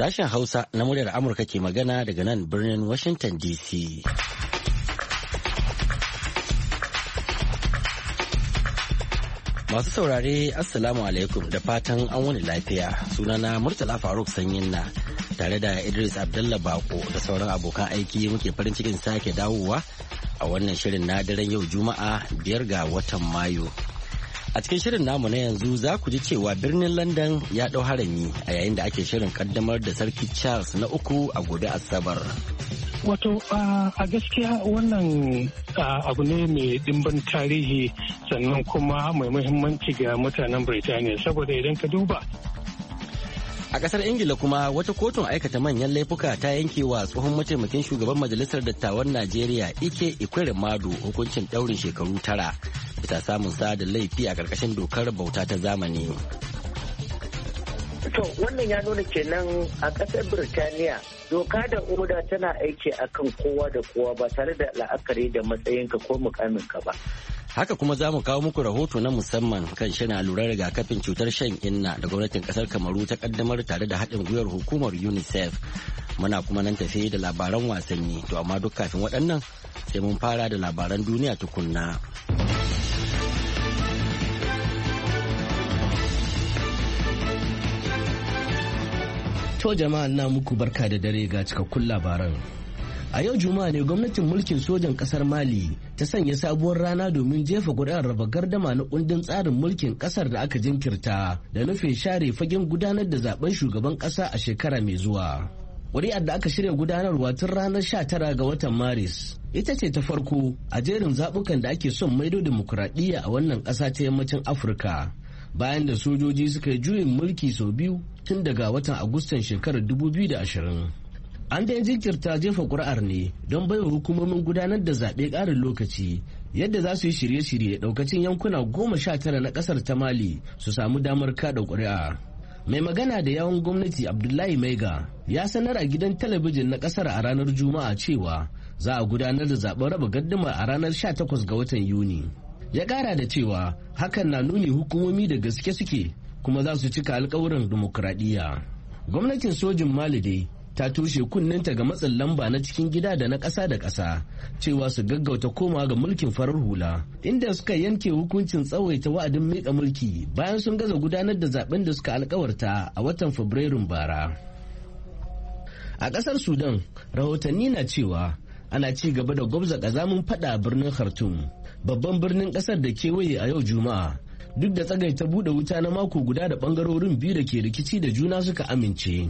Sashen Hausa na muryar Amurka ke magana daga nan birnin Washington DC. Masu saurare Assalamu alaikum da fatan an wani lafiya sunana Murtala Faruk Sanyin na tare da Idris abdulla Bako da sauran abokan aiki muke farin cikin sake dawowa a wannan shirin na daren yau Juma'a biyar ga watan Mayu A cikin shirin namu na yanzu za ku ji cewa birnin London ya ɗau harami a yayin da ake shirin kaddamar da Sarki Charles na uku a gobe Asabar. Wato a gaskiya wannan abu ne mai dimbin tarihi sannan kuma mai muhimmanci ga mutanen Birtaniya saboda idan ka duba A kasar Ingila kuma wata kotun aikata manyan laifuka ta yanke wa tsohon mataimakin shugaban majalisar dattawan Najeriya Ike Ikwere Mado hukuncin ɗaurin shekaru tara ta samun sada laifi a ƙarƙashin dokar bauta ta zamani. To wannan ya nuna kenan a kasar Birtaniya doka da oda tana aiki akan kowa da kowa ba tare da la'akari da matsayinka ko mukaminka ba. Haka kuma za mu kawo muku rahoto na musamman kan shi na lura rigakafin cutar shan inna da gwamnatin kasar Kamaru ta kaddamar tare da haɗin gwiwar hukumar UNICEF. Muna kuma nan tafe da labaran wasanni to amma duk kafin waɗannan sai mun fara da labaran duniya tukunna. To jama'a na muku barka da dare ga cikakkun labaran. A yau Juma'a ne gwamnatin mulkin sojan ƙasar Mali ta sanya sabuwar rana domin jefa gudanar raba gardama na kundin tsarin mulkin ƙasar da aka jinkirta da nufin share fagen gudanar da zaben shugaban ƙasa a shekara mai zuwa. Kuri'ar da aka shirya gudanarwa tun ranar sha tara ga watan Maris ita ce ta farko a jerin zabukan da ake son maido dimokuraɗiyya a wannan ƙasa ta yammacin Afirka. bayan da sojoji suka yi juyin mulki sau biyu tun daga watan agustan shekarar 2020 an dai jinkirta jefa ƙuri'ar ne don baiwa hukumomin gudanar da zaɓe ƙarin lokaci yadda za su yi shirye-shirye ɗaukacin yankuna goma sha tara na ƙasar ta mali su samu damar kaɗa ƙuri'a mai magana da yawon gwamnati abdullahi maiga ya sanar a gidan talabijin na ƙasar a ranar juma'a cewa za a gudanar da zaɓen raba gaddama a ranar 18 ga watan yuni ya ƙara da cewa hakan na nuni hukumomi da gaske suke kuma za su cika alkawuran dimokuraɗiyya gwamnatin sojin malide ta toshe kunninta ga matsin lamba na cikin gida da na ƙasa da ƙasa cewa su gaggauta koma ga mulkin farar hula inda suka yanke hukuncin tsawaita wa'adin miƙa mulki bayan sun gaza gudanar da zaɓen da suka alkawarta a watan fabrairun bara a ƙasar sudan rahotanni na cewa ana ci gaba da gwabza kazamin fada birnin khartoum babban birnin kasar da kewaye a yau juma'a duk da tsagaita bude wuta na mako guda da bangarorin biyu da ke rikici da juna suka amince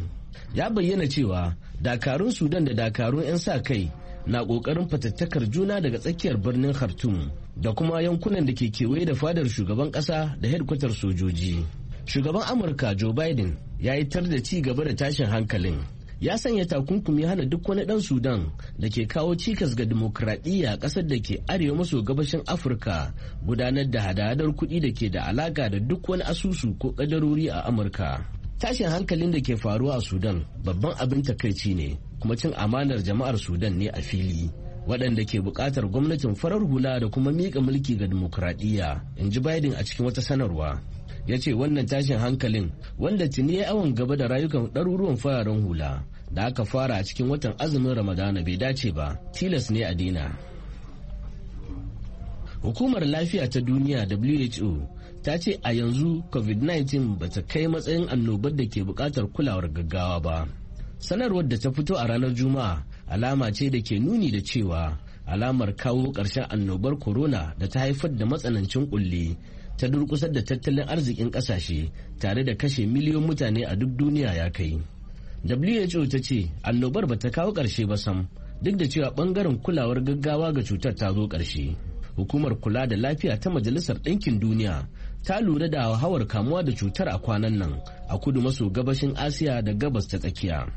ya bayyana cewa dakarun sudan da dakarun 'yan sa kai na kokarin fatattakar juna daga tsakiyar birnin khartoum da kuma yankunan da ke kewaye da fadar shugaban kasa da hedkwatar sojoji shugaban amurka joe biden ya yi tar da ci gaba da tashin hankalin ya sanya takunkumi hana duk wani ɗan sudan da ke kawo cikas ga dimokuraɗiyya ƙasar da ke arewa maso gabashin afirka gudanar da hadadar kuɗi da ke da alaƙa da duk wani asusu ko ƙadarori a amurka tashin hankalin da ke faruwa a sudan babban abin takaici ne kuma cin amanar jama'ar sudan ne a fili waɗanda ke buƙatar gwamnatin farar hula da kuma miƙa mulki ga dimokuraɗiyya in ji biden a cikin wata sanarwa ya ce wannan tashin hankalin wanda tuni ya awon gaba da rayukan ɗaruruwan fararen hula da aka fara a cikin watan azumin ramadana bai dace ba tilas ne a dina hukumar lafiya ta duniya who ta ce a yanzu covid-19 ba ta kai matsayin annobar da ke bukatar kulawar gaggawa ba sanarwar da ta fito a ranar juma'a alama ce da ke nuni da cewa alamar kawo ƙarshen annobar corona da ta haifar da matsanancin ƙulli ta durkusar da tattalin arzikin kasashe tare da kashe miliyon mutane a duk duniya ya kai who ta ce annobar ba ta kawo ƙarshe ba sam duk da cewa ɓangaren kulawar gaggawa ga cutar ta zo ƙarshe hukumar kula da lafiya ta majalisar ɗinkin duniya ta lura da hauhawar kamuwa da cutar a kwanan nan a kudu maso gabashin asiya da gabas ta tsakiya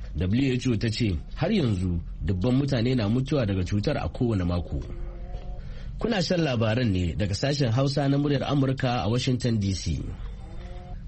who ta ce har yanzu dubban mutane na mutuwa daga cutar a kowane mako Kuna shan labaran ne daga sashen Hausa na muryar Amurka a Washington DC.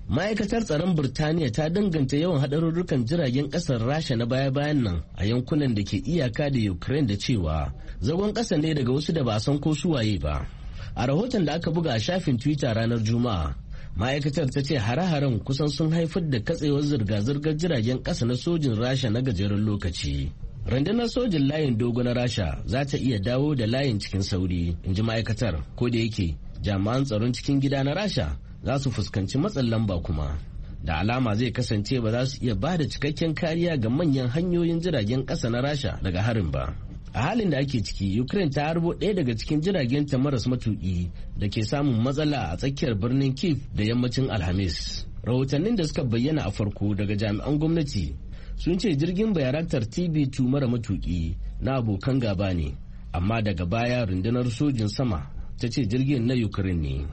Ma'aikatar tsaron Birtaniya ta danganta yawan haɗarurrukan jiragen ƙasar Rasha na baya-bayan nan a yankunan da ke iyaka da Ukraine da cewa zagon ƙasa ne daga wasu da ba san ko suwaye ba. A rahoton da aka buga a shafin Twitter ranar Juma'a, ma'aikatar ta ce hare-haren kusan sun haifar da katsewar zirga-zirgar jiragen ƙasa na sojin Rasha na gajeren lokaci. rundunar sojin layin dogo na rasha za ta iya dawo da layin cikin sauri in ji ma'aikatar ko da yake jami'an tsaron cikin gida na rasha za su fuskanci matsin lamba kuma da alama zai kasance ba za su iya ba da cikakken kariya ga manyan hanyoyin jiragen ƙasa na rasha daga harin ba a halin da ake ciki ukraine ta harbo ɗaya daga cikin jiragen ta maras matuƙi da ke samun matsala a tsakiyar birnin kif da yammacin alhamis rahotannin da suka bayyana a farko daga jami'an gwamnati sun ce jirgin bayaraktar tv 2 mara matuki na abokan gaba ne amma daga baya rundunar sojin sama ta ce jirgin na ukraine ne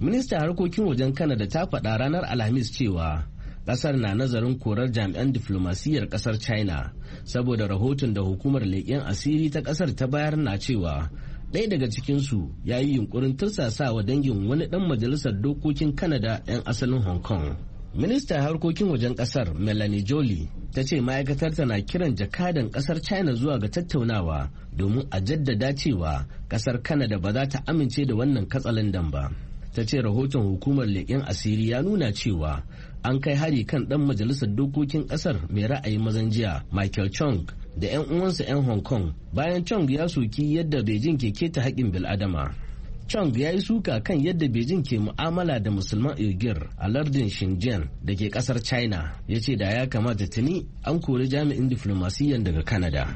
ministan harkokin wajen kanada ta faɗa ranar alhamis cewa ƙasar na nazarin korar jami'an diflomasiyyar ƙasar china saboda rahoton da hukumar leƙen asiri ta ƙasar ta bayar na cewa ɗaya daga cikinsu ya yi yunkurin tursasawa dangin wani ɗan majalisar dokokin kanada 'yan asalin hong kong Ministan harkokin wajen kasar Melanie Jolie ta ce ma'aikatar na kiran jakadan kasar China zuwa ga tattaunawa domin a jaddada cewa kasar Canada ba za ta amince da wannan katsalandan ba. Ta ce rahoton hukumar leƙen asiri ya nuna cewa an kai hari kan ɗan majalisar dokokin ƙasar mai ra'ayin mazan jiya Michael Chong da 'yan uwansa 'yan Hong Kong bayan Chong ya soki yadda Beijing ke keta haƙƙin bil'adama. Chong ya yi suka kan yadda Beijing ke mu'amala da musulman Uyghur a lardin Xinjiang da ke kasar China ya ce da ya kamata tuni an kori jami'in diflomasiyyan daga Canada.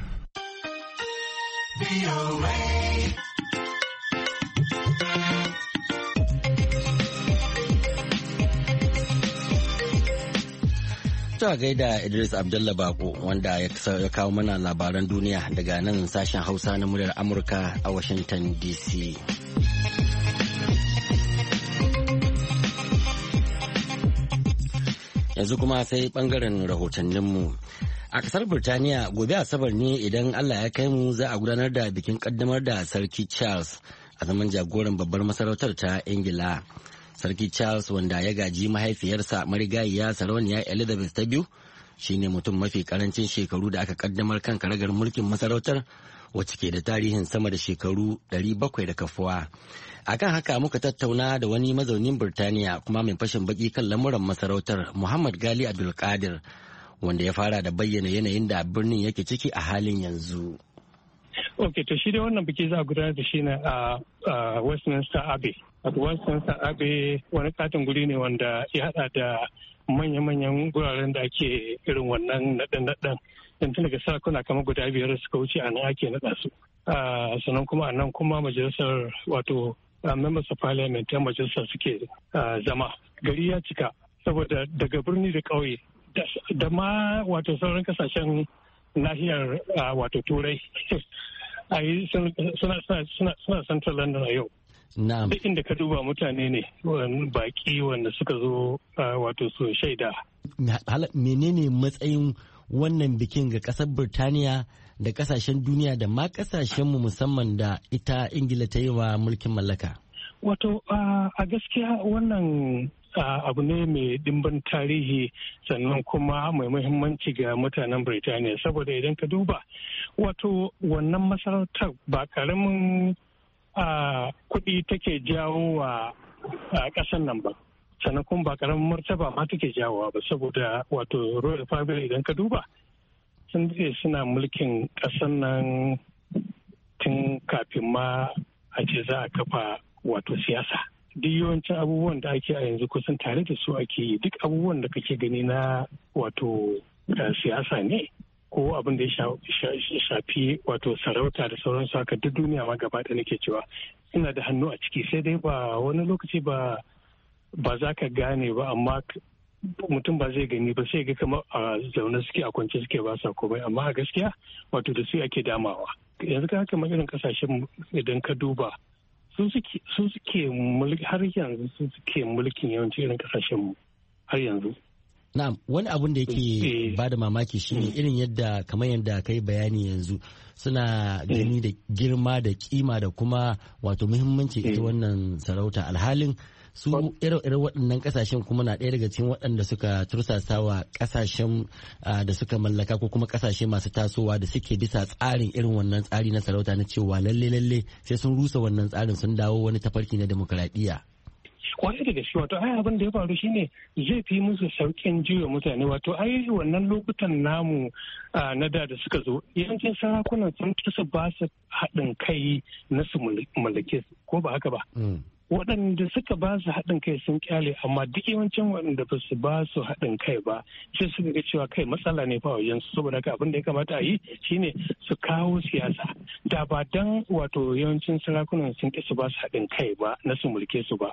ta gaida Idris Abdullah Bako wanda ya kawo mana labaran duniya daga nan sashen Hausa na muryar Amurka a Washington DC. yanzu kuma sai bangaren rahotanninmu a kasar birtaniya gobe asabar ne idan allah ya kai mu za a gudanar da bikin kaddamar da sarki charles a zaman jagoran babbar masarautar ta ingila sarki charles wanda ya gaji mahaifiyarsa marigayiya sarauniya elizabeth ta biyu shine mutum mafi karancin shekaru da aka kaddamar kan karagar mulkin masarautar wacce ke da tarihin sama da shekaru 700 da kafuwa. Akan haka muka tattauna da wani mazaunin Birtaniya kuma mai fashin baki kan lamuran masarautar Muhammad Gali Abdulkadir wanda ya fara da bayyana yanayin da birnin yake ciki a halin yanzu. Ok, to shi dai wannan biki za a gudanar da shi ne a Westminster Abbey. At Westminster Abbey wani katin guri ne wanda ya hada da manya-manyan guraren da ake irin wannan naɗe-naɗen yanzu daga sarakuna kamar guda biyar suka wuce a nan ake naɗa su ah, sannan kuma a nan kuma majalisar wato ah, members of parliament ta majalisar suke ah, zama gari ya cika saboda daga birni da ƙauye da ma wato sauran kasashen nahiyar wato turai suna central london a yau Duk inda ka duba mutane ne baki wanda suka zo wato su shaida. Menene matsayin wannan bikin ga kasar Birtaniya da kasashen duniya da ma kasashenmu musamman da ita Ingila ta yi wa mulkin mallaka? Wato a gaskiya wannan abu ne mai dimbin tarihi sannan kuma mai muhimmanci ga mutanen Birtaniya saboda idan ka duba wato wannan masarautar ba karamin kuɗi take jawo wa ƙasar nan ba sannan kuma ba karamin martaba ma take jawowa ba saboda wato royal family idan ka duba sun ce suna mulkin ƙasar nan tun kafin ma a ce za a kafa wato siyasa duk yawancin abubuwan da ake a yanzu kusan tare da su ake yi duk abubuwan da kake gani na wato eh, siyasa ne ko abin da ya shafi wato sarauta da sauransu haka duk duniya ma gaba da nake cewa ina da hannu a ciki sai dai ba wani lokaci ba ba za ka gane ba amma mutum ba zai gani ba sai ga kama a zaune suke a kwance suke ba sa komai amma a gaskiya wato da su ake damawa yanzu ka haka irin kasashen idan ka duba su suke har yanzu su suke mulkin yawanci irin kasashen har yanzu Na'am wani abun da yake eh. ba da mamaki shine mm. irin yadda kamar yadda kai bayani yanzu suna mm. gani da girma da kima da kuma wato muhimmanci ita mm. wannan sarauta alhalin su irin waɗannan ƙasashen kuma na ɗaya daga cikin waɗanda suka tursasa wa ƙasashen da suka mallaka ko kuma ƙasashe masu tasowa da suke bisa tsarin irin wannan tsari na sarauta na cewa lalle lalle sai sun rusa wannan tsarin sun dawo wani tafarki na demokradiyya kwarai da gaske wato ai abin da ya faru shi ne." zai fi musu saukin jiwa mutane wato ai wannan lokutan namu na da da suka zo yawancin sarakuna sun kasa ba su haɗin kai na su mulki ko ba haka ba hmm. waɗanda suka ba su haɗin kai sun kyale amma duk yawancin waɗanda ba su ba su haɗin kai ba sai suka ga cewa kai matsala ne ba wajen su saboda haka abin da ya kamata a yi shine su kawo siyasa da ba dan wato yawancin sarakunan sun ƙi su ba su haɗin kai ba na su mulke su ba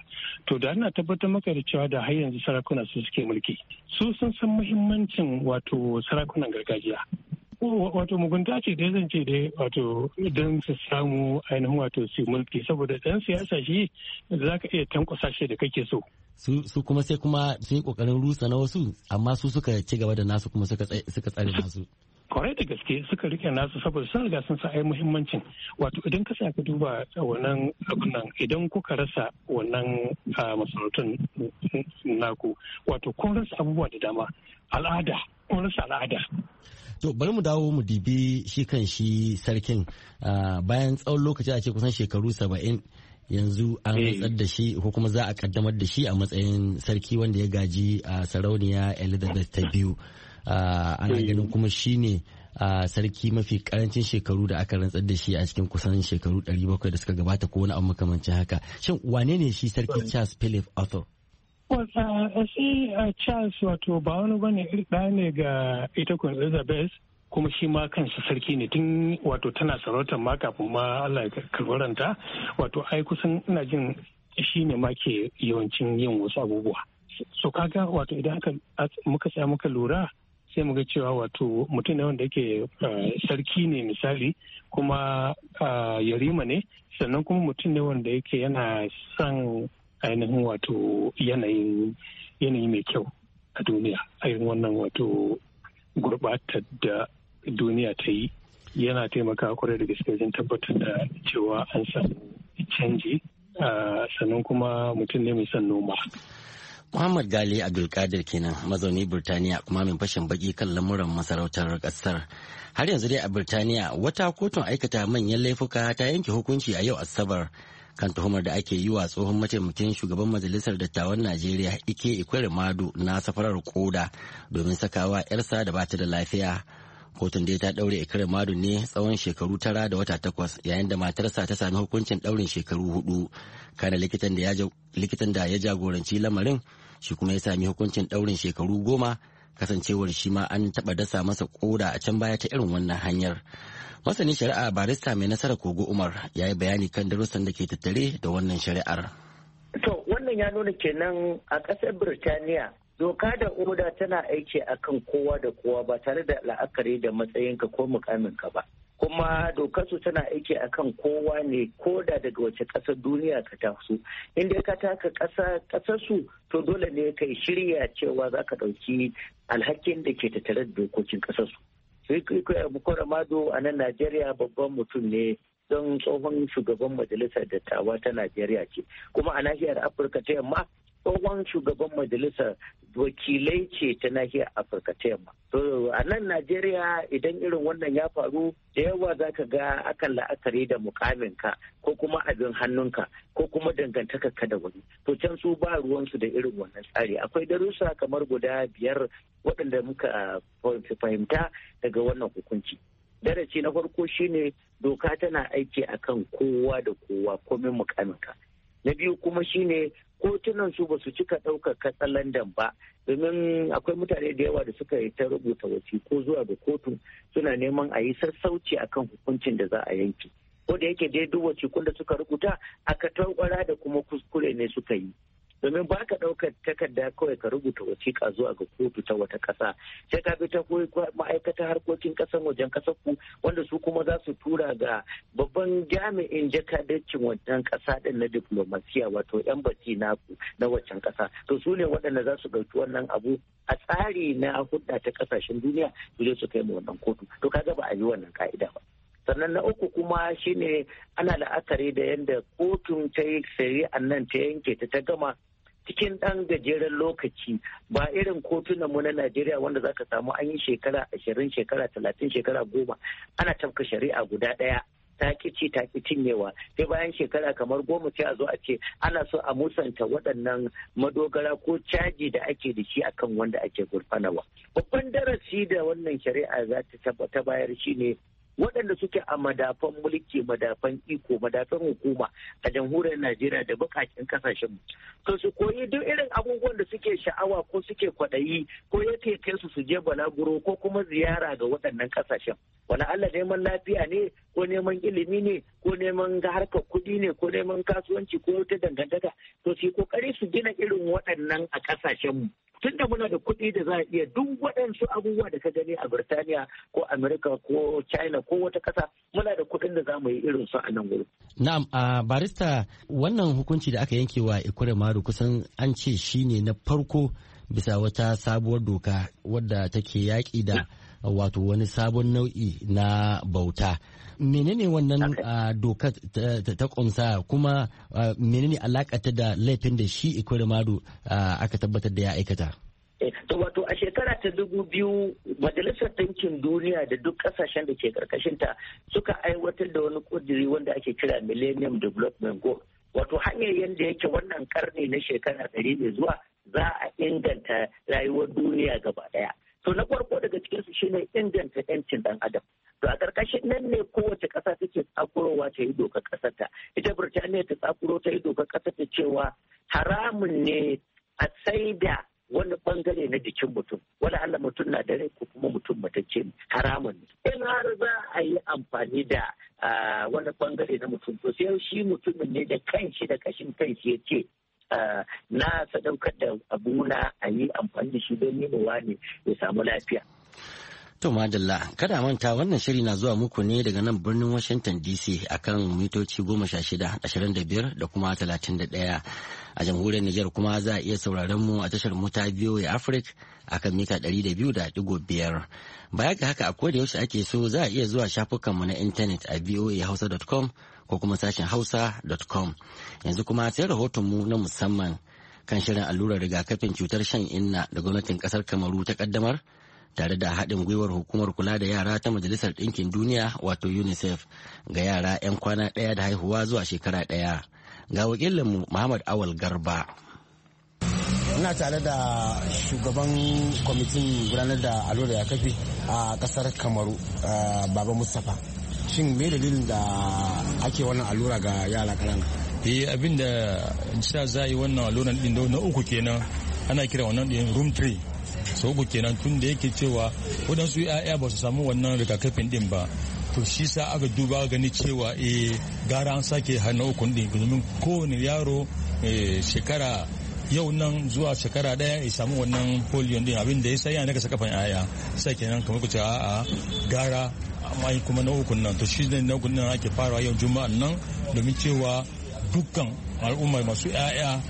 to da ana tabbatar maka da cewa da har yanzu sarakuna su suke mulki su sun san muhimmancin wato sarakunan gargajiya wato mugunta ce da zan ce dai wato don su samu ainihin wato su mulki saboda dan siyasa shi za ka iya tankwasa shi da kake so su kuma sai kuma sun yi kokarin rusa na wasu amma su suka ci gaba da nasu kuma suka tsare nasu kwarai da gaske suka rike nasu saboda sun riga sun sa'ai muhimmancin wato idan ka ka duba wannan abin nan idan kuka rasa wannan masarautun naku wato kun rasa abubuwa da dama al'ada kun rasa al'ada to bari mu dawo mu dibi shi kan shi sarkin ah, bayan tsawon lokaci a ce kusan shekaru saba'in yanzu an eh. rantsar da shi ko kuma za a kaddamar da shi a matsayin sarki wanda ya gaji a ah, sarauniya elizabeth ta biyu ah, ana eh. ganin kuma shi ne sarki mafi karancin shekaru da aka rantsar da shi a cikin kusan shekaru 700 da suka gabata ko wani abu makamancin haka shin wane ne shi sarki charles philip arthur Eh, shi eh, charles wato ba wani bane ɗa ne ga ita kun elizabeth kuma shi ma kansa sarki ne tun wato tana sarautar ma kafin ma allah ya karbaranta wato ai kusan ina jin shi ne ma ke yawancin yin wasu abubuwa so kaga wato idan muka tsaya muka lura sai mu cewa wato mutum ne wanda yake eh, sarki ne misali kuma yarima ne sannan kuma mutum ne wanda yake yana son ainihin wato yanayi mai kyau a duniya irin wannan wato gurbatar da duniya ta yi yana taimaka kwarai da gaske wajen tabbatar da cewa an samu canji sannan kuma mutum ne mai son noma. Muhammad Gali Abdulkadir kenan mazauni Birtaniya kuma mai fashin baki kan lamuran masarautar kasar. Har yanzu dai a Birtaniya wata kotun aikata manyan laifuka ta yanke hukunci a yau Asabar kan tuhumar da ake yi wa tsohon mataimakin shugaban majalisar dattawan najeriya ike ikwere madu na safarar koda domin sakawa yarsa da bata da lafiya kotun dai ta daure ikwere madu ne tsawon shekaru tara da wata takwas yayin da matarsa ta sami hukuncin daurin shekaru hudu kana likitan da ya jagoranci lamarin shi kuma ya sami hukuncin daurin shekaru goma kasancewar shi ma an taba dasa masa koda a can baya ta irin wannan hanyar masanin shari'a barista mai nasara kogo umar ya yi bayani kan darussan da ke tattare da wannan shari'ar to wannan ya nuna kenan a ƙasar birtaniya doka da oda tana aiki akan kowa da kowa ba tare da la'akari da matsayinka ko mukaminka ba kuma dokarsu tana aiki akan kowa ne ko da daga wace ƙasar duniya ka taso inda ka taka ƙasarsu to dole ne kai shirya cewa za ka ɗauki alhakin da ke tattare da dokokin ƙasarsu Bukora Mado a nan Najeriya babban mutum ne don tsohon shugaban majalisar dattawa ta Najeriya ce. Kuma a nahiyar Afirka ta yamma tsohon shugaban majalisar wakilai ce ta nahiyar afirka ta yamma to a nan najeriya idan irin wannan ya faru da yawa za ka ga akan la'akari da mukaminka ko kuma abin hannunka ko kuma dangantakarka da wani to can su ba ruwansu da irin wannan tsari akwai darussa kamar guda biyar waɗanda muka fahimta daga wannan hukunci darasi na farko shine doka tana aiki akan kowa da kowa mukamin mukaminka na biyu kuma shine kotunan su basu su cika ɗaukar katsalandan ba domin akwai mutane da yawa da suka yi ta rubuta ko zuwa ga kotu suna neman a yi sassauci akan hukuncin da za a yanke ko da yake dai duk wasikun da suka rubuta aka katankwara da kuma kuskure ne suka yi domin ba ka ɗaukar takarda kawai ka rubuta wasiƙa zuwa ga kotu ta wata ƙasa sai ka bi ta ma'aikatar harkokin ƙasan wajen ƙasar ku wanda su kuma za su tura ga babban jami'in jakadancin wajen ƙasa ɗin na diplomasiya wato embassy naku na waccan ƙasa to su ne waɗanda za su ɗauki wannan abu a tsari na hudda ta ƙasashen duniya su je su kai mu wannan kotu to ka ba a yi wannan ka'ida ba sannan na uku kuma shine ana la'akari da yadda kotun ta yi shari'an nan ta yanke ta ta gama cikin ɗan gajeren lokaci ba irin kotunan mu na Najeriya wanda za zaka samu an yi shekara ashirin shekara talatin shekara goma ana tafka shari'a guda ɗaya ta kici ta ki cinyewa sai bayan shekara kamar goma sai a zo a ce ana so a musanta waɗannan madogara ko caji da ake da shi akan wanda ake gurfanawa babban darasi da wannan shari'a za ta bayar shine waɗanda suke a madafan mulki madafan iko madafan hukuma a jamhuriyar najeriya da bukakin kasashen to su koyi duk irin abubuwan da suke sha'awa ko suke kwaɗayi ko yake kai su su je balaguro ko kuma ziyara ga waɗannan kasashen wani Allah neman lafiya ne ko neman ilimi ne ko neman harkar kuɗi ne ko neman kasuwanci ko wata dangantaka to su kokari su gina irin waɗannan a ƙasashenmu tun da muna da kuɗi da za a iya duk waɗansu abubuwa da ka gani a Birtaniya ko Amerika ko China ko wata ƙasa muna da kuɗin da za mu yi irin su a nan gurin. Na'am a barista wannan hukunci da aka yanke wa Ikure Maru kusan an ce shine na farko bisa wata sabuwar doka wadda take yaƙi da wato wani sabon nau'i na bauta menene wannan doka ta kunsa kuma menene alakata da laifin da shi madu aka tabbatar da ya aikata eh, to wato a shekara ta dubu biyu majalisar ɗinkin duniya da duk ƙasashen da ke karkashin ta suka aiwatar da wani ƙudiri wanda ake kira millennium development goal wato hanyar yadda yake wannan karni na shekara ɗari mai zuwa za a inganta rayuwar duniya gaba ɗaya to na farko daga cikin su shine inganta yancin dan adam to a karkashin nan ne kowace kasa take tsakurowa ta yi dokar kasar ta ita Birtaniya ta tsakuro ta yi dokar kasar ta cewa haramun ne a da wani bangare na jikin mutum wani Allah mutum na da rai ko kuma mutum matacce haramun ne. in har za a yi amfani da ah, wani bangare na mutum to sai shi mutumin ne da kanshi da kashin kanshi ya ce ah, na sadaukar da abu na. amfani da shi don yi ne ya samu lafiya. To madalla kada manta wannan shiri na zuwa muku ne daga nan birnin Washington DC akan mitoci goma sha shida ashirin da biyar da kuma talatin da ɗaya a jamhuriyar Nijar kuma za a iya sauraron mu a tashar mota biyo ya Afrik akan mita ɗari da biyu da ɗigo biyar. Baya ga haka a yaushe ake so za a iya zuwa shafukanmu na intanet a voahausa.com ko kuma sashen hausa.com yanzu kuma sai rahotonmu na musamman kan shirin allurar rigakafin cutar shan inna da gwamnatin kasar kamaru ta kaddamar tare da haɗin gwiwar hukumar kula da yara ta majalisar ɗinkin duniya wato unicef ga yara 'yan kwana ɗaya da haihuwa zuwa shekara ɗaya ga wakilinmu muhammad awal garba ina tare da shugaban kwamitin gudanar da allurar rigakafi a ƙasar kamaru baba mustapha shin me dalilin da ake wannan allura ga yara kanana eh abin da sa za yi wannan alluran din na uku kenan ana kira wannan din room 3 sau uku kenan tun da yake cewa waɗansu 'ya'ya ba su samu wannan rigakafin ɗin ba to shi sa aka duba gani cewa eh gara an sake hana uku din domin kowane yaro eh, shekara yau nan zuwa shekara daya ya samu wannan polio din abin da ya sai yana daga sakafan aya sai kenan kamar ku ce a'a gara amma yi kuma na uku nan to shi ne na ukun nan ake farawa yau juma'an nan domin cewa dukkan al'umma masu 'ya'ya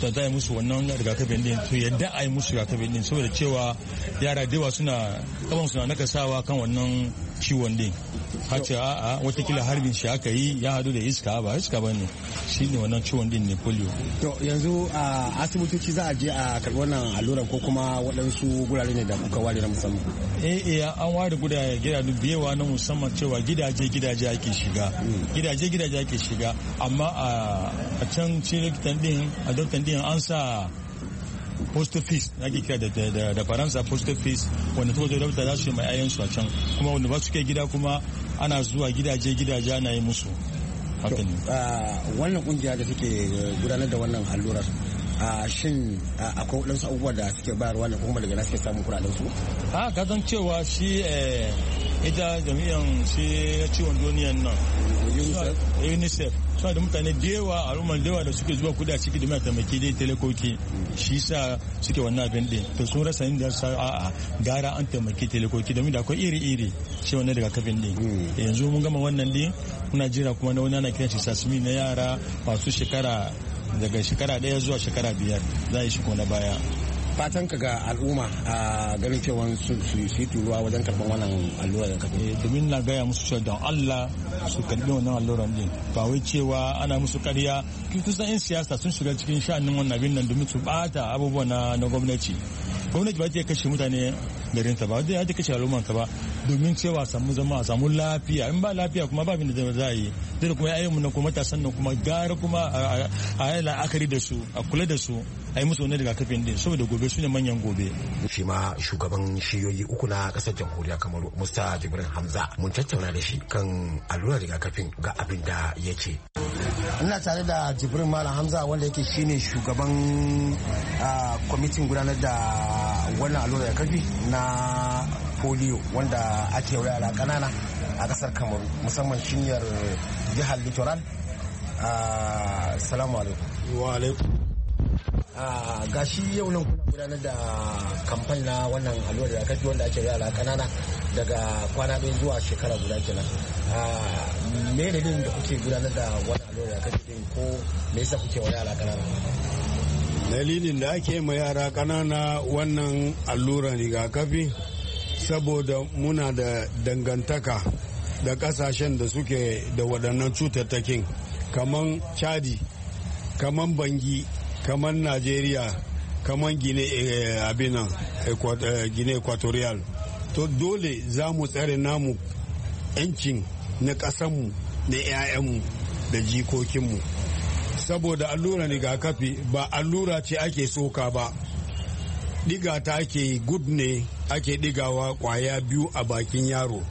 da za musu wannan rigakafin din to yadda a yi musu rigakafin din saboda cewa yara dewa suna kaban suna nakasawa kan wannan ciwon din ha ce a'a watakila harbin shi aka yi ya hadu da iska ba iska ba ne shi ne wannan ciwon din ne polio to yanzu a asibitoci za a je a karɓi wannan alluran ko kuma waɗansu gurare ne da kuka ware na musamman eh eh an ware gudaje gidaje biyewa na musamman cewa gidaje gidaje ake shiga mm. gidaje gidaje ake shiga amma a can ce likitan din a doktan din an sa Post fees na ake kira da faransa post fees wanda suka zo rabta za su yi mai su a can kuma wanda ba su ke gida kuma ana zuwa gidaje gidaje ana yi musu wannan kungiya da suke eh, gudanar da wannan allurar a shin akwai waɗansu abubuwa da suke bayarwa ne kuma daga na suke samun kuɗaɗen su? a ka zan cewa shi eh, ita jami'an shi ciwon duniyan nan unicef suna da mutane da yawa al'ummar da da suke zuwa kudi a ciki da taimaki dai telekoki shi sa suke wannan abin din to sun rasa inda sa a'a gara an taimaki telekoki domin da akwai iri-iri shi wannan daga kafin din hmm. yanzu mun gama wannan din muna jira kuma na wani ana kiran shi sasmi na yara masu shekara daga shekara daya zuwa shekara biyar za a yi shi ko na baya fatan ka ga al'umma a ganin cewa su yi turuwa wajen karɓar wannan allurar da kafin. Eh, domin na gaya musu cewa don Allah su karɓi wannan allurar din ba wai cewa ana musu ƙarya kusan 'yan siyasa sun shiga cikin sha'anin wannan abin nan domin su ɓata abubuwa na gwamnati gwamnati ba ta kashe mutane garin ta ba wadda ta kashe al'umma ta ba domin cewa samu zama a samu lafiya in ba lafiya kuma ba abin da za a yi da kuma yayin nan kuma matasan nan kuma gara kuma a yi la'akari da su a kula da su a yi musu wani rigakafin din saboda gobe su ne manyan gobe. shi ma shugaban shiyoyi uku na kasar jamhuriya kamaru musa jibrin hamza mun tattauna da shi kan daga rigakafin ga abin da ya ce. ina tare da jibrin malam hamza wanda yake shine shugaban kwamitin gudanar da wannan daga rigakafi na polio wanda ake a kanana a kasar kamaru musamman shinyar jihar littoral ah, salamu alaikum wa alaikum ah, gashi yau nan kuna gudanar da kamfan na wannan da rigakafi wanda ake yara kanana daga kwana ɗaya zuwa shekara guda kenan ah, me da da kuke gudanar da wannan allurar rigakafi din ko me yasa kuke wa yara kanana dalilin da ake ma yara kanana wannan allurar rigakafi saboda muna da dangantaka da kasashen da suke da waɗannan cutattakin kamar chadi kamar bangi kamar najeriya kamar gine eh, abinan eh, gine equatorial to dole za mu tsare namu 'yancin na ƙasanmu na 'ya'yanmu da jikokinmu saboda allura rigakafi ba allura ce ake soka ba diga ta ake gud ne ake digawa kwaya biyu a bakin yaro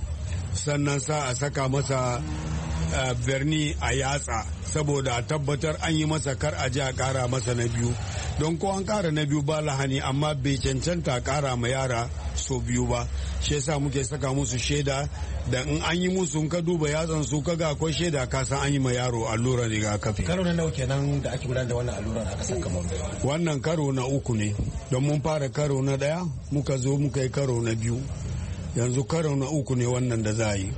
sannan sa a saka masa birni eh, a yatsa saboda a tabbatar an yi masa kar a ji a kara masa na biyu don ko an kara na biyu ba lahani amma bai cancanta kara ma yara so biyu ba shi yasa muke saka musu shaida da in an yi musu ka duba yatsan su ga akwai shaida ka san an yi ma yaro allurar rigakafi karo na nawa kenan da ake gudanar da wannan allurar a kasar kamar wannan karo na uku ne don mun fara karo na daya muka zo muka yi karo na biyu yanzu karo na uku ne wannan da za a yi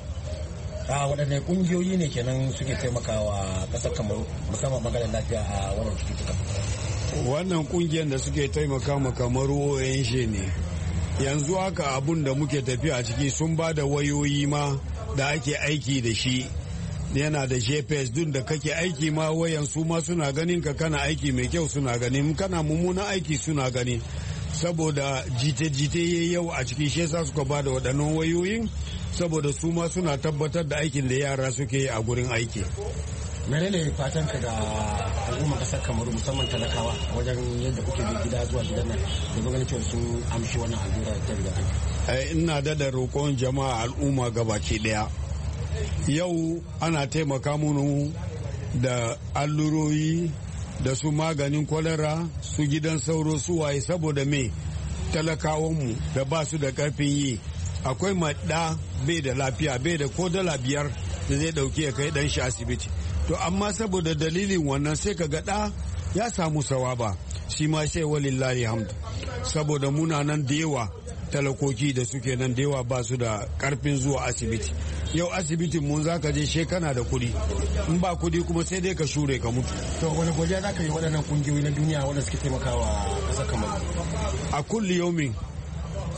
a ah, waɗanne ƙungiyoyi ne kenan suke taimakawa ƙasar kamar musamman maganin lafiya a wannan cututtuka wannan ƙungiyar da suke taimaka ma kamar shi ne yanzu haka abun da muke tafiya a ciki sun ba da wayoyi ma da ake aiki da shi yana da gps duk da kake aiki ma wayan su ma suna ganin ka kana aiki mai kyau suna gani kana mummuna aiki suna gani saboda jite-jite ya yau a cikin shi yasa suka ba da waɗannan wayoyin saboda su ma suna tabbatar da aikin da yara suke a gurin aiki. ne fatan ka da al'umma kasar kamaru musamman talakawa wajen yadda kuke bi gida zuwa gidan nan da ganin cewa sun amshi wannan allura ta rigakafi eh, ina da da roƙon jama'a al'umma gabaki ɗaya. yau ana taimaka mu da allurori da su maganin kwalara su gidan sauro su waye saboda me talakawanmu da ba su da karfin yi akwai maɗa bai da lafiya bai da ko dala biyar da zai ɗauki ya kai ɗan shi asibiti to amma saboda dalilin wannan sai ka gaɗa ya samu sawaba shi ma sai walillahi hamdu saboda muna nan da yawa talakoki da suke nan da yawa ba su da karfin zuwa asibiti yau asibitin mun za ka je she da kuɗi in ba kuɗi kuma sai dai ka shure ka mutu to wani godiya za ka yi waɗannan kungiyoyi na duniya wanda suke taimakawa ƙasa kamar a kulli yaumin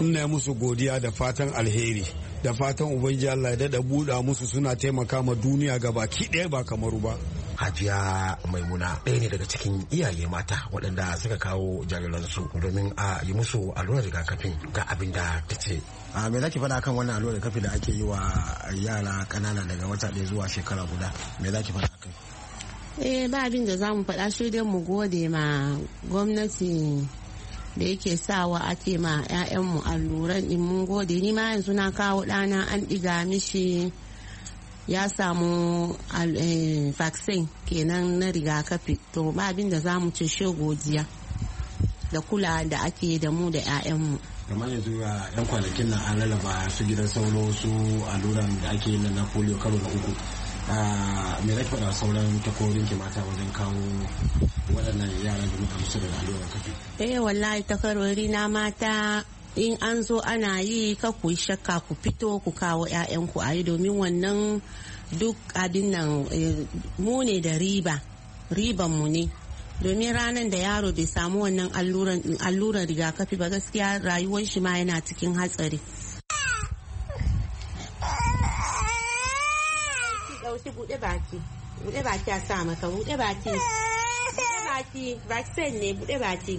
ina musu godiya da fatan alheri da fatan ubangiji Allah ya dada buɗa musu suna taimaka ma duniya gaba ki ɗaya ba kamaru ba hajiya maimuna ɗaya ne daga cikin iyaye mata waɗanda suka kawo jariransu domin a yi musu allurar rigakafin ga abin da ta ce a me zaki faɗa kan wannan allurar rigakafi da ake yi wa yara ƙanana daga wata ɗaya zuwa shekara guda me zaki faɗa kai eh ba abin da za mu faɗa shi dai mu gode ma gwamnati da yake sawa ake ma 'ya'yanmu alluran in mun gode ni ma yanzu na kawo ɗana an ɗiga mishi ya samu eh, vaccine kenan na rigakafi to ba abin da za mu ce godiya da kula da ake da mu da 'ya'yanmu kamar yanzu a yan kwanakin nan an lalaba su gidan sauro su alluran da ake yin na polio karo na uku ah, me zaki faɗa sauran takorin ke mata wajen kawo waɗannan yaran da muka musu da alluran kafi eh wallahi takarori na mata in an zo ana yi ka ku shakka ku fito ku kawo 'ya'yanku a yi domin wannan duk abin nan eh, mu ne da riba riban mu ne domin ranar da yaro bai samu wannan alluran rigakafi ba gaskiya rayuwar shi ma yana cikin hatsari buɗe baki buɗe baki a sa maka buɗe baki buɗe baki vaccine ne buɗe baki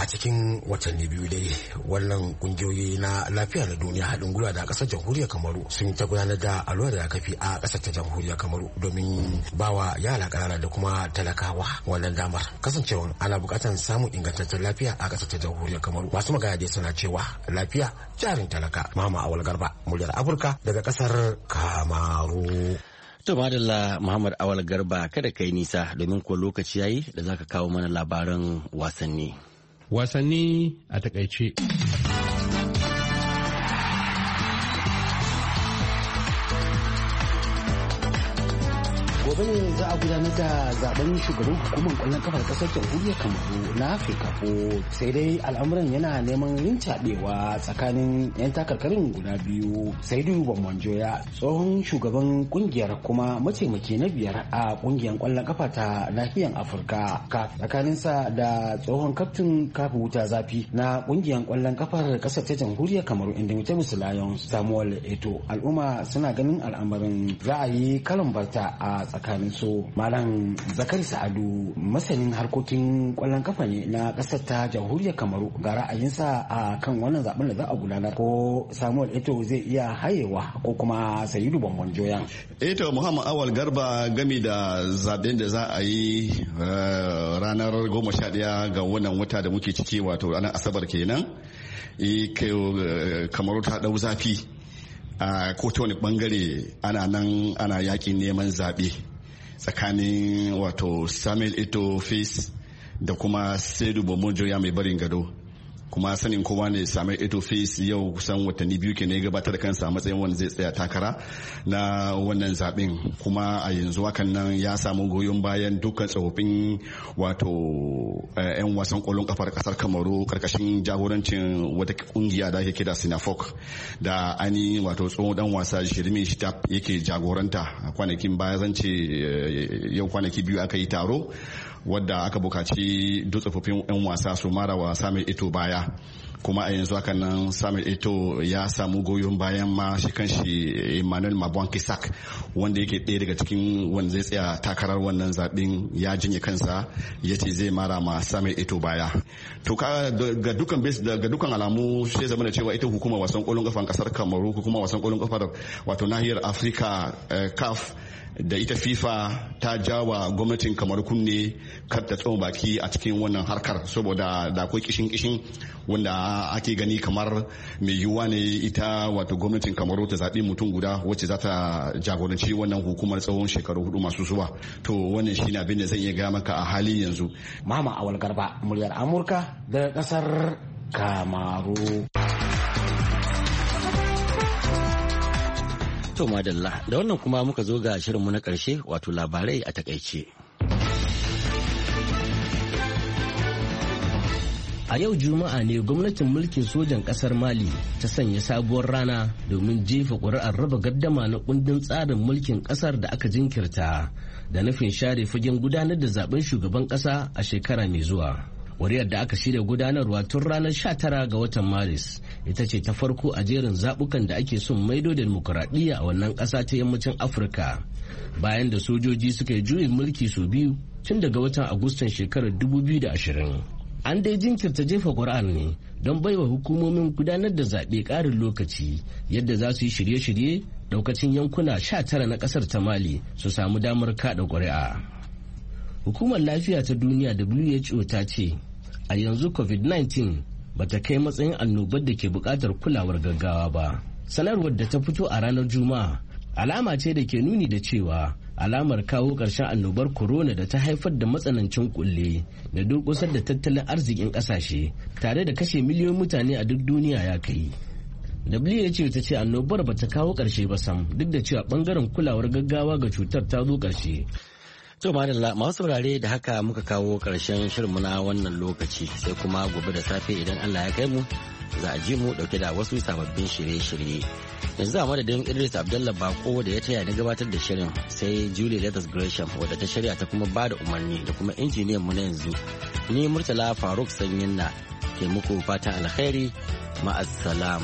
a cikin watanni biyu dai wannan kungiyoyi na lafiya na duniya haɗin gwiwa da ƙasar jamhuriyar kamaru sun ta gudanar da da kafi a ƙasar ta jamhuriyar kamaru domin bawa yara ƙanana da kuma talakawa wannan damar kasancewa ana buƙatar samun ingantaccen lafiya a ƙasar ta jamhuriyar kamaru masu magana dai suna cewa lafiya jarin talaka mama awal garba muryar afirka daga ƙasar kamaru To madalla Muhammad Awal Garba kada ka yi nisa domin ko lokaci yayi da zaka kawo mana labaran wasanni. wasanni a takaice. gaba ne za a gudanar da zaben shugaban hukumar kwallon kafar kasar jamhuriyar kamaru na afirka ko sai dai al'amuran yana neman rincaɗewa tsakanin 'yan takarkarin guda biyu sai saidu bambanjoya tsohon shugaban kungiyar kuma mataimaki na biyar a kungiyar kwallon kafa ta nahiyar afirka tsakaninsa da tsohon kaftin kafa wuta zafi na kungiyar kwallon kafar kasar ta jamhuriyar kamaru indomitable lions samuel eto al'umma suna ganin al'amarin za a yi kalan barta a tsakanin tsakanin su malam zakari sa'adu masanin harkokin kwallon kafa ne na kasar ta jamhuriyar kamaru ga ra'ayinsa a kan wannan zaben da za a gudanar ko samuel eto zai iya hayewa ko kuma sayidu bambam joyan eto muhammad awal garba gami da zaben da za a yi eh, ranar goma sha ɗaya ga wannan wata da muke ciki wato ranar asabar kenan eh, kamaru ta dau zafi a kotu wani bangare ana nan ana yakin neman zaɓe tsakanin wato samuel ito face da kuma sedu bomojo ya mai barin gado kuma sanin kowa ne sami eto face yau kusan watanni biyu ke ne gabatar kansa a matsayin wanda zai tsaya takara na wannan zaɓen kuma a yanzu hakan nan ya samu goyon bayan dukkan tsofaffin wato yan eh, wasan kwallon kafar kasar kamaru karkashin jagorancin wata kungiya da ake kira sinafok da ani wato tsohon dan wasa shirimin shi yake jagoranta kwanakin baya zan ce eh, yau kwanaki biyu aka yi taro wadda aka bukaci duk 'yan wasa su mara wa samun ito baya kuma a yanzu haka nan samuel eto ya samu goyon bayan ma shi kan shi emmanuel mabon kisak wanda yake ɗaya daga cikin wanda zai tsaya takarar wannan zaɓen ya jinye kansa ya ce zai mara ma samuel eto baya to ka ga dukkan ga dukkan alamu sai zama da cewa ita hukumar wasan ƙwallon ƙafan ƙasar kamaru hukumar wasan ƙwallon ƙafar wato nahiyar afirka eh, caf da ita fifa ta jawa gwamnatin kamar kunne kar ta tsoma baki a cikin wannan harkar saboda da akwai kishin kishin wanda ake gani kamar mai yiwuwa ne ita wato gwamnatin kamaru ta zaɓi mutum guda wacce za ta jagoranci wannan hukumar tsawon shekaru hudu masu zuwa to wannan shi abin da zan iya gaya maka a halin yanzu mama awal garba muryar amurka da kasar kamaru To madalla da wannan kuma muka zo ga shirinmu na ƙarshe wato labarai a takaice. A yau Juma'a ne gwamnatin mulkin sojan ƙasar Mali ta sanya sabuwar rana domin jefa ƙuri'ar raba gardama na kundin tsarin mulkin ƙasar da aka jinkirta da nufin share fagen gudanar da zaben shugaban ƙasa a shekara mai zuwa. Wariyar da aka shirya gudanarwa tun ranar 19 ga watan Maris ita ce ta farko a jerin zaɓukan da ake son maido da demokuraɗiyya a wannan ƙasa ta yammacin Afirka. Bayan da sojoji suka yi juyin mulki sau biyu tun daga watan Agustan shekarar 2020. An dai jinkirta jefa ƙuri'ar ne don baiwa hukumomin gudanar da zaɓe ƙarin lokaci yadda za su yi shirye-shirye daukacin yankuna 19 na ƙasar ta Mali su samu damar kaɗa ƙuri'a. Hukumar lafiya ta duniya WHO ta ce a yanzu covid-19 bata kai matsayin annobar da ke buƙatar kulawar gaggawa ba sanarwar da ta fito a ranar juma'a alama ce da ke nuni da cewa alamar kawo ƙarshen annobar corona da ta haifar da matsanancin kulle da durƙusar da tattalin arzikin ƙasashe tare da kashe miliyoyin mutane a duk duniya ya kai WHO ta ce annobar ba ta kawo ƙarshe ba sam duk da cewa ɓangaren kulawar gaggawa ga cutar ta zo ƙarshe To madalla masu saurare da haka muka kawo ƙarshen shirinmu na wannan lokaci sai kuma gobe da safe idan Allah ya kai mu za a ji mu dauke da wasu sababbin shirye-shirye. Yanzu a madadin Idris Abdullah Bako da ya taya na gabatar da shirin sai Julie Letters Gresham wadda ta shirya ta kuma ba da umarni da kuma injiniyan mu na yanzu. Ni Murtala Faruk Sanyin na ke muku fatan alkhairi ma'assalam.